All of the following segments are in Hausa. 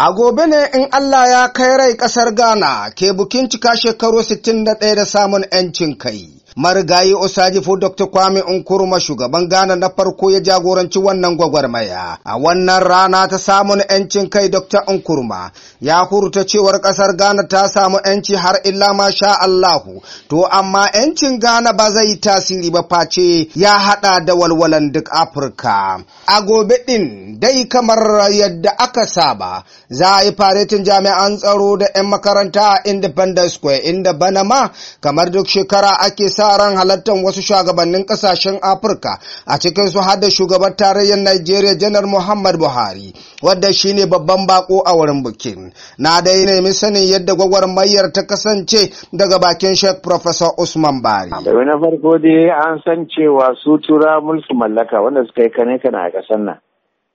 A gobe ne in Allah ya kai rai ƙasar Ghana ke bukin cika shekaru da ɗaya da samun 'yancin kai. marigayi osajifo dr kwame Nkrumah, shugaban ghana na farko ya jagoranci wannan gwagwarmaya a wannan rana ta samun 'yancin kai dr Nkrumah, ya hurta cewar kasar ghana ta samu 'yanci har illa ma sha allahu to amma 'yancin ghana ba zai tasiri ba face ya haɗa da walwalan duk afirka a gobe ɗin, dai kamar yadda aka saba za a yi faretin jami'an tsaro da 'yan makaranta a independence square inda bana ma kamar duk shekara ake taron halartar wasu shugabannin kasashen Afirka a cikin su da shugaban tarayyar Najeriya Janar Muhammad Buhari wadda shine babban bako a wurin bikin. Na dai nemi sanin yadda gwagwarmayar ta kasance daga bakin Sheikh Professor Usman Bari. Da na farko dai an san cewa su tura mulkin mallaka wanda suka yi kane kana a nan.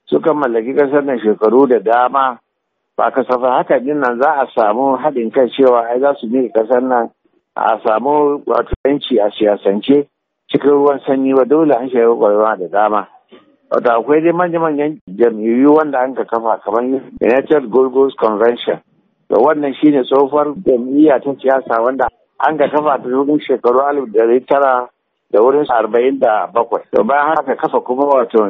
Suka mallaki ƙasar nan shekaru da dama ba kasafa haka din nan za a samu haɗin kai cewa ai za su miƙe kasar nan a samu wato yanci a siyasance cikin ruwan sanyi ba dole an shiga kwarewa da dama wato akwai dai manya-manyan jam'iyyu wanda an ka kafa kamar united gold convention da wannan shine tsofar jam'iyya ta siyasa wanda an ka kafa ta cikin shekaru alif da tara da wurin arba'in da bakwai Domin bayan haka kafa kuma wato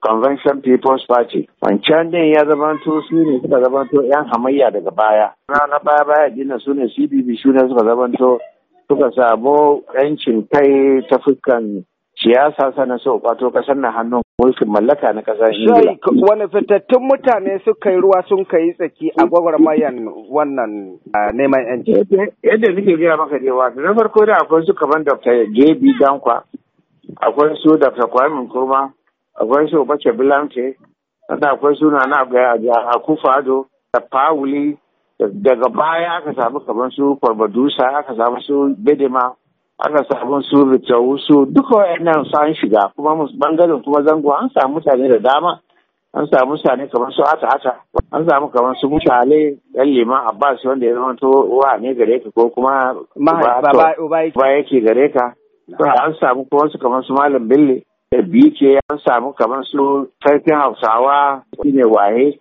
Convention People's Party. Wancan din ya to su ne suka to 'yan hamayya daga baya. Na na baya baya dina su ne CBB su ne suka to suka samu 'yancin kai ta fuskan siyasa sana so kwato kasar na hannun mulkin mallaka na kasar Ingila. Wani fitattun mutane suka yi ruwa sun kai tsaki a gwagwarmayan wannan neman yanci. Yadda nake gaya maka ne wato na farko da akwai su kaman Dr. J.B. Dankwa, akwai su Dr. Kwame Nkrumah, akwai su bace bilamce sannan akwai suna na a kufado da fawuli daga baya aka samu kamar su kwarbadusa aka samu su bedema aka samu su bitawu su duka wayannan su an shiga kuma bangaren kuma zango an samu mutane da dama an samu mutane kamar su ata ata an samu kamar su mutane dan liman abbas wanda ya zama wa ne gare ka ko kuma ba yake gare ka an samu kuma su kamar su malam bille biyu ce an samu kamar su sarkin hausawa ne waye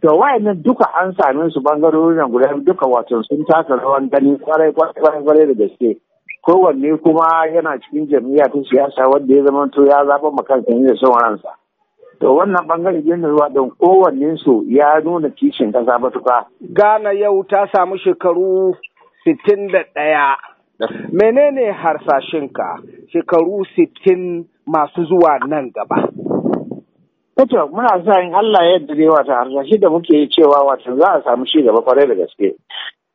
to wayannan duka an same su bangarorin guda duka wato sun taka rawan gani kwarai kwarai kwarai da gaske kowanne kuma yana cikin jami'a ta siyasa wanda ya zama to ya zaba makansa ne da sauransa to wannan bangare gina ruwa don kowanne su ya nuna kishin kasa matuka. Ghana yau ta samu shekaru sittin da ɗaya menene harsashinka shekaru sittin masu zuwa nan gaba. Kato muna sa in Allah ya yarda wata harsashi da muke yi cewa wata za a samu shi gaba kwarai da gaske.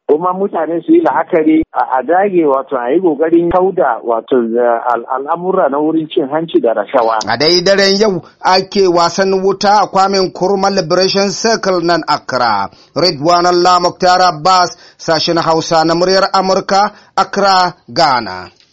Kuma mutane su yi la'akari a dage wato a yi ƙoƙarin kauda wato eh, al'amura na wurin cin hanci da rashawa. A dai daren yau ake wasan wuta a kwamin Kurma Liberation Circle nan Accra. Ridwan Allah Muktar Abbas sashen Hausa na muryar Amurka Accra Ghana.